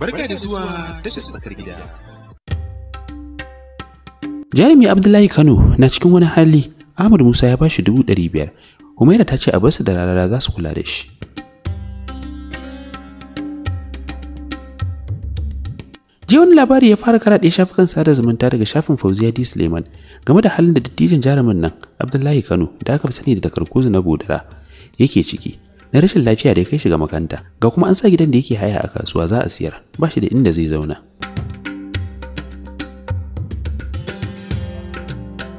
Barka da zuwa tashar tsakar gida. Jarumi Abdullahi Kano na cikin wani hali, Ahmad Musa ya bashi dubu ɗari biyar. Umaira ta ce a basu da rarara za su kula da shi. Jiya wani labari ya fara karaɗe shafukan sada zumunta daga shafin Fauziya D. Suleiman game da halin da dattijan jarumin nan Abdullahi Kano da aka fi sani da takarkuzu na Bodara yake ciki. na rashin lafiya da ya kai shiga makanta, ga kuma an sa gidan da yake haya a kasuwa za a siyar ba shi da inda zai zauna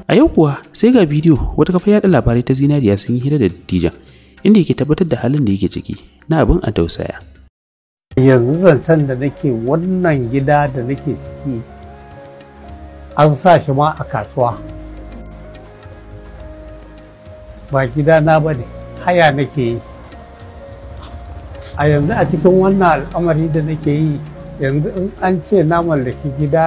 a yau kuwa sai ga bidiyo wata kafa yaɗa labarai ta zinariya sun yi hira da dattijan inda yake tabbatar da halin da yake ciki na abin a tausaya yanzu zancen da nake wannan gida da nake ciki an sa shi ma a kasuwa ba gida na ba ne haya nake yi a yanzu a cikin wannan al'amari da nake yi yanzu in an ce na mallaki gida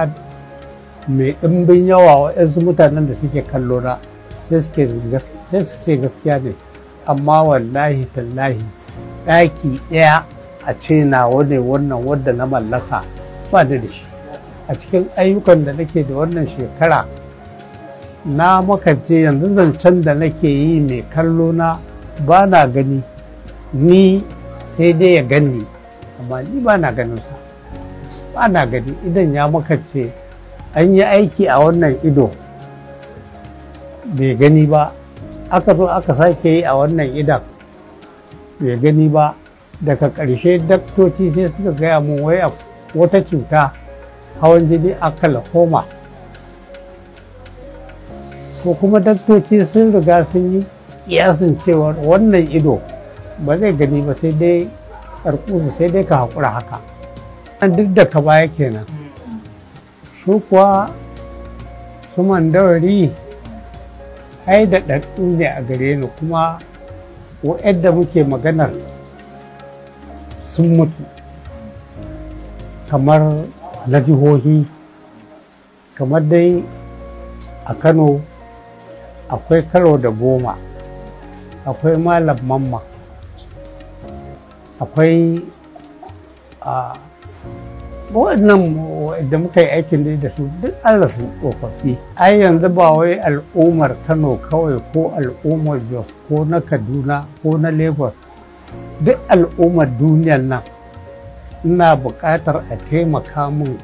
mai ɗimbin yawa wa waɗansu mutanen da suke kallo na sai su ce gaskiya ne amma wallahi tallahi ɗaki ɗaya a ce nawa ne wannan wadda na mallaka ba da da shi a cikin ayyukan da nake da wannan shekara na makance yanzu zancen da nake yi mai kallo na ba na gani ni sai dai ya ganni amma ni ba na ganin sa ba na gani idan ya makance an yi aiki a wannan ido bai gani ba aka zo aka sake yi a wannan idan bai gani ba daga ƙarshe daktoci sai suka gaya mun wai wata cuta hawan jini a kalahoma ko kuma daktoci sun riga sun yi kiyasin cewar wannan ido ba zai gani ba sai dai ƙarƙuzu sai dai ka haƙura haka duk da ka baya kenan su kuwa su mandawari ai da ɗaɗɗu ne a gare ni kuma yadda muke maganar sun mutu kamar na jihohi kamar dai a kano akwai karo da goma akwai malam mamma akwai a waɗannan da muka yi aikin da su duk allah su tsofaffi ai yanzu ba wai al'ummar kano kawai ko al'ummar jos ko na kaduna ko na lagos duk al'ummar duniyar nan ina buƙatar a taimaka min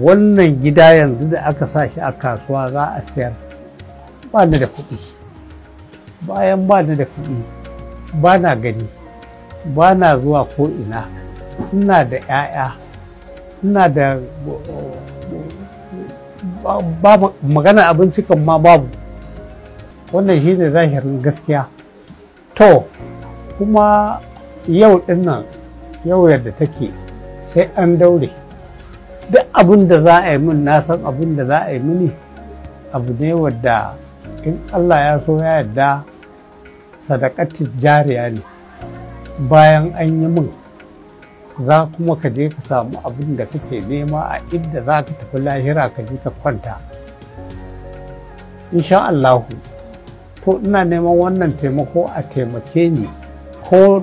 wannan gida yanzu da aka sa shi a kasuwa za a sayar ba ni da kuɗi bayan ba ni da kuɗi ba na gani ba na zuwa ko'ina ina da 'ya'ya ina da babu magana abinci kan ma babu wannan shi ne zahirin gaskiya to kuma yau ɗinnan, yau yadda take sai an daure duk abin da za a yi min na san abin da za a yi mini abu ne wadda in allah ya so ya yadda sadakar jariya ne bayan an yi min za kuma ka je ka samu abin da kake nema a inda za ka tafi lahira ka je ka kwanta insha Allahu to ina neman wannan taimako a taimake ni ko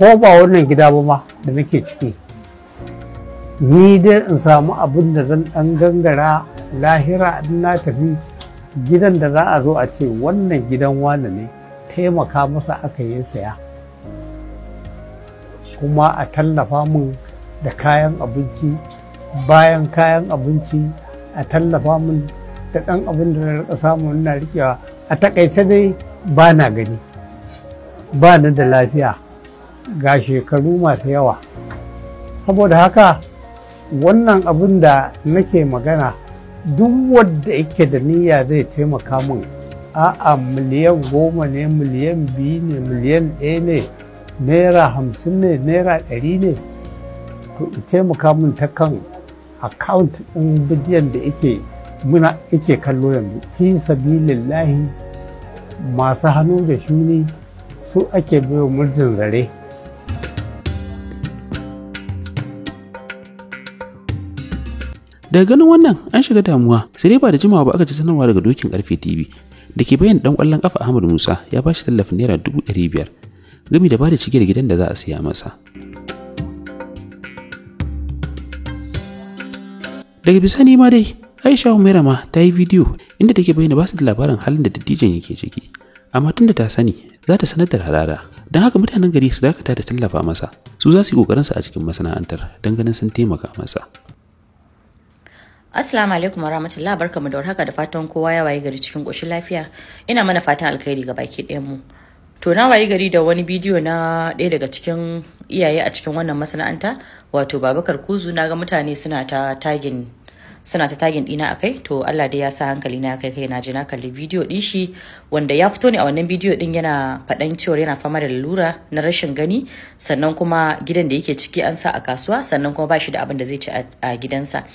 ko ba wannan gida ba ma da nake ciki ni dai in samu abin da zan dan gangara lahira na tafi gidan da za a zo a ce wannan gidan wane ne taimaka masa aka yi saya kuma a tallafa mun da kayan abinci bayan kayan abinci a tallafa min da ɗan abin da na rika samu ina rikewa a takaice dai ba na gani ba ni da lafiya ga shekaru masu yawa saboda haka wannan abin da nake magana duk wanda yake da niyya zai taimaka mun a'a miliyan goma ne miliyan biyu ne miliyan ɗaya ne naira hamsin ne naira ɗari ne to taimaka min ta kan account ɗin bidiyon da yake muna yake kallo yanzu fi lillahi masu hannu da shuni su ake baiwa murjin zare daga ganin wannan an shiga damuwa sai dai ba da jimawa ba aka ci sanarwa daga dokin karfe tv da ke bayan dan kwallon kafa Ahmad Musa ya ba shi tallafin naira dubu ɗari biyar gami da ba da cigiyar gidan da za a siya masa. Daga bisani ma dai Aisha Umaira ma ta yi bidiyo inda take bayyana ba su da labarin halin da dattijan yake ciki. Amma tun da ta sani za ta sanar da harara don haka mutanen gari su dakata da tallafa masa su za su yi ƙoƙarinsa a cikin masana'antar don ganin sun taimaka masa. Assalamu alaikum warahmatullahi barkamu da warhaka da fatan kowa ya waye gari cikin ƙoshin lafiya. Ina mana fatan alkhairi ga baki ɗayan mu. To na waye gari da wani bidiyo na ɗaya daga cikin iyaye a cikin wannan masana'anta wato Babakar Kuzu na ga mutane suna ta tagin suna ta tagin ɗina a kai to Allah dai ya sa hankali na kai kai na na kalli bidiyo din shi wanda ya fito ne a wannan bidiyo din yana faɗan cewa yana fama da lalura na rashin gani sannan kuma gidan da yake ciki an sa a kasuwa sannan kuma ba shi da abin da zai ci a gidansa.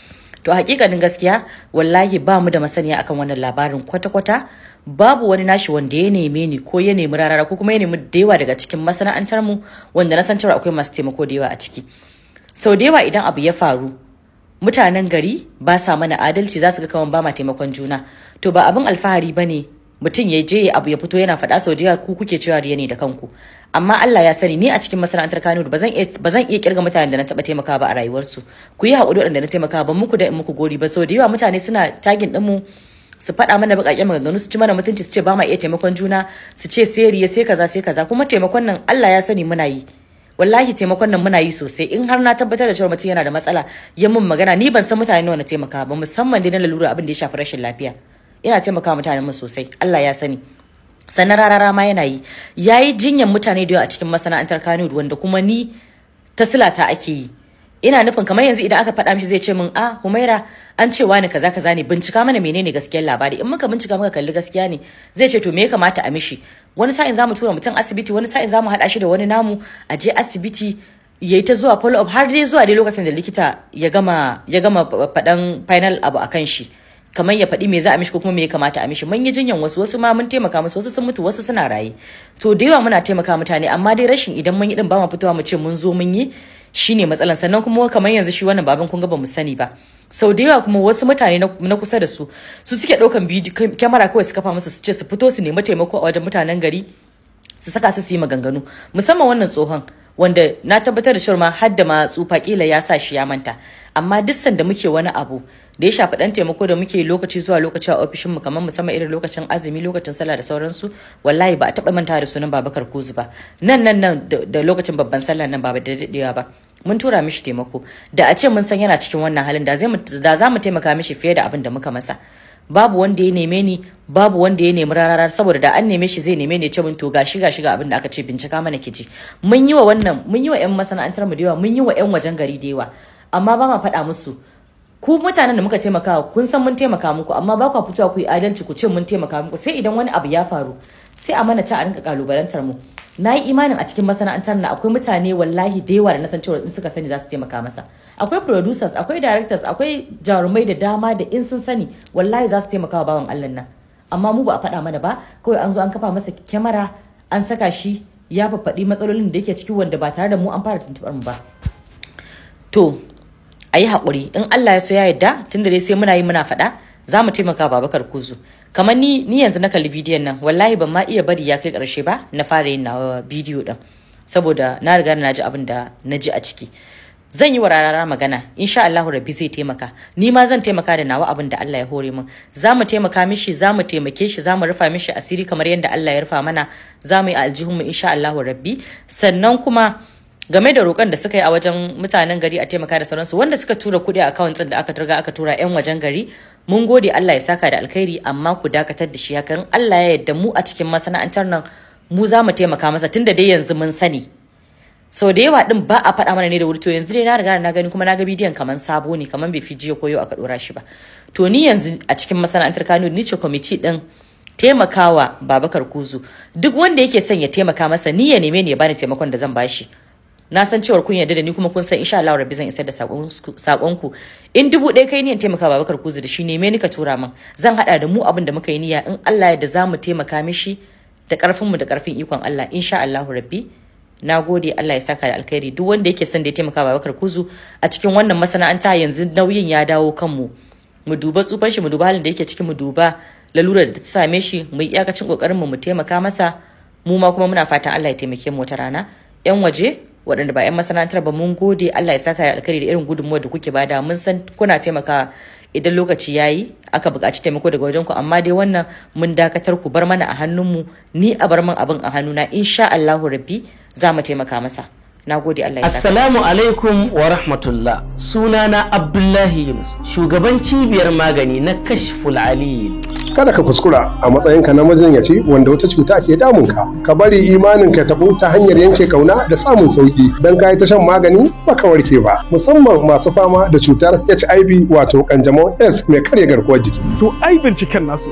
to hakikanin gaskiya wallahi ba mu da masaniya akan wannan labarin kwata-kwata babu wani nashi wanda ya neme ni ko ya nemi rarara ko kuma ya nemi da yawa daga cikin masana'antar mu wanda na san cewa akwai masu taimako da yawa a ciki sau da yawa idan abu ya faru mutanen gari ba sa mana adalci za su ga kawan ba ma taimakon juna to ba abin alfahari ba ne mutum ya je abu ya fito yana faɗa sau da ku kuke cewa riya ne da kanku amma Allah ya sani ni a cikin masana'antar Kano ba zan ba zan iya kirga mutanen da na taɓa taimaka ba a rayuwarsu ku yi haƙuri waɗanda na taimaka ban muku da in muku gori ba sau da yawa mutane suna tagin ɗinmu su faɗa mana baƙaƙe maganganu su ci mana mutunci su ce ba ma iya taimakon juna su ce sai riya sai kaza sai kaza kuma taimakon nan Allah ya sani muna yi wallahi taimakon nan muna yi sosai in har na tabbatar da cewa mutum yana da matsala ya mun magana ni ban san mutane nawa na taimaka ba musamman dai na lalura abin da ya shafi rashin lafiya yana taimaka mutane mu sosai Allah ya sani sannan rarara ma yana yi yayi jinyan mutane da yawa a cikin masana'antar Kano wanda kuma ni ta silata ake yi ina nufin kamar yanzu idan aka faɗa mishi zai ce min a ah, humaira an ce wani kaza kaza ne bincika mana menene gaskiyar labari in muka bincika muka kalli gaskiya ne zai ce to me ya kamata a mishi wani sa'in zamu tura mutum asibiti wani sa'in zamu haɗa shi da wani namu a je asibiti yayi ta zuwa follow up har dai zuwa dai lokacin da likita ya gama ya gama faɗan final abu akan shi kamar ya faɗi me za a mishi ko kuma me ya kamata a mishi mun yi jinyan wasu wasu ma mun taimaka musu wasu sun mutu wasu suna raye to da yawa muna taimaka mutane amma dai rashin idan mun yi din ba mu fitowa mu ce mun zo mun yi shine matsalan sannan kuma kamar yanzu shi wannan baban kun ga bamu sani ba sau da yawa kuma wasu mutane na kusa da su su suke ɗaukan bidiyo kyamara kawai su kafa musu su ce su fito su nemi taimako a wajen mutanen gari su saka su su yi maganganu musamman wannan tsohon wanda na tabbatar da shirma har da ma tsufa kila ya sa shi ya manta amma duk sanda muke wani abu da ya shafi dan taimako da muke lokaci zuwa lokaci a ofishin mu kamar musamman irin lokacin azumi lokacin sallah da sauransu wallahi ba a taba manta da sunan babakar kuzu ba nan nan nan da lokacin babban sallah nan baba da dadewa ba mun tura mishi taimako da a ce mun san yana cikin wannan halin da zai da za mu taimaka mishi fiye da abin da muka masa babu wanda ya neme ni babu wanda ya nemi rarara saboda da an neme shi zai neme ne ce mun to gashi gashi ga abin da aka ce bincika mana kiji mun yi wa wannan mun yi wa yan masana'antar mu da yawa mun yi wa yan wajen gari da yawa amma ba ma faɗa musu ku mutanen da muka taimaka kun san mun taimaka muku amma ba ku fitowa ku yi adalci ku ce mun taimaka muku sai idan wani abu ya faru sai a mana ta a rinka kalubalantar mu na yi imanin a cikin masana'antar na akwai mutane wallahi da yawa da na san cewa in suka sani za su taimaka masa akwai producers akwai directors akwai jarumai da dama da in sun sani wallahi za su taimaka wa bawan Allah nan amma mu ba a faɗa mana ba kawai an zo an kafa masa kyamara an saka shi ya faɗi matsalolin da yake ciki wanda ba tare da mu an fara tuntuɓar mu ba to a yi haƙuri in Allah ya so ya yarda tun da dai sai muna yi muna faɗa za mu taimaka babakar kuzu kamar ni ni yanzu na kalli bidiyon nan wallahi ban ma iya bari ya kai ƙarshe ba na fara yin nawa bidiyo ɗin saboda na riga na ji abin da na ji a ciki zan yi wa rarara magana insha Allahu Rabbi zai taimaka ni ma zan taimaka da nawa abin da Allah ya hore min za mu taimaka mishi za mu taimake shi za mu rufa mishi asiri kamar yadda Allah ya rufa mana za mu yi aljihunmu insha Allahu Rabbi sannan kuma game da roƙon da suka yi a wajen mutanen gari a taimaka da sauransu wanda suka tura kuɗi a akawunt da aka turga aka tura 'yan wajen gari mun gode Allah ya saka da alkhairi amma ku dakatar da shi hakan Allah ya yarda mu a cikin masana'antar nan mu za mu taimaka masa tunda dai yanzu mun sani sau da yawa din ba a faɗa mana ne da wuri yanzu dai na riga na gani kuma na ga bidiyon kaman sabo ne kaman bai fi jiya ko yau aka ɗora shi ba to ni yanzu a cikin masana'antar Kano ni ce kwamiti din taimakawa Babakar Kuzu duk wanda yake son ya taimaka masa ni ya neme ne ya bani taimakon da zan bashi na san cewar kun yarda da ni kuma kun san insha Allah rabbi zan isar da sakon ku in dubu ɗaya kai niyan taimaka Babakar Kuzu da shi ne me nika tura min zan hada da mu abin da muka yi niyya in Allah ya da mu taimaka mishi da karfin mu da karfin ikon Allah insha Allah rabbi na gode Allah ya saka da alkhairi duk wanda yake son da ya taimaka Babakar Kuzu a cikin wannan masana'anta yanzu nauyin ya dawo kan mu duba tsufan shi mu duba halin da yake ciki mu duba lalurar da ta same shi mu yi iyakacin kokarin mu mu taimaka masa mu ma kuma muna fatan Allah ya taimake mu wata rana yan waje waɗanda ba 'yan masana'antar ba mun gode Allah ya saka alkhairi da irin gudunmuwar da kuke bada mun san kuna taimaka idan lokaci ya yi aka buƙaci taimako daga wajen amma dai wannan mun dakatar ku bar mana a hannunmu ni a bar man abin a hannuna insha Allahu rabbi za mu taimaka masa nagode Allah ya assalamu alaikum wa rahmatullah Suna na abdullahi yunus shugaban cibiyar magani na kashful alil kada ka kuskura a matsayinka na mazinyaci wanda wata cuta ke damun ka Ka bari imanin ka tabo ta hanyar yanke kauna da samun sauki dan kayi ta shan magani ba ka warke ba musamman masu fama da cutar HIV wato kanjamau S mai karya garkuwar jiki to ai binciken nasu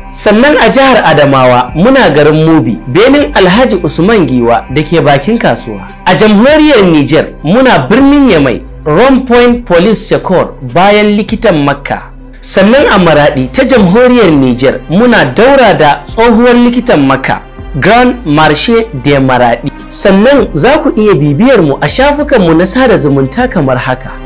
sannan a jihar adamawa muna garin mubi benin alhaji usman giwa da ke bakin kasuwa a jamhuriyar Nijar muna birnin yamai point police secor bayan likitan makka sannan a maradi ta jamhuriyar Nijar muna daura da tsohuwar likitan makka grand marche de maradi sannan za ku iya bibiyar mu a shafukanmu na sada zumunta kamar haka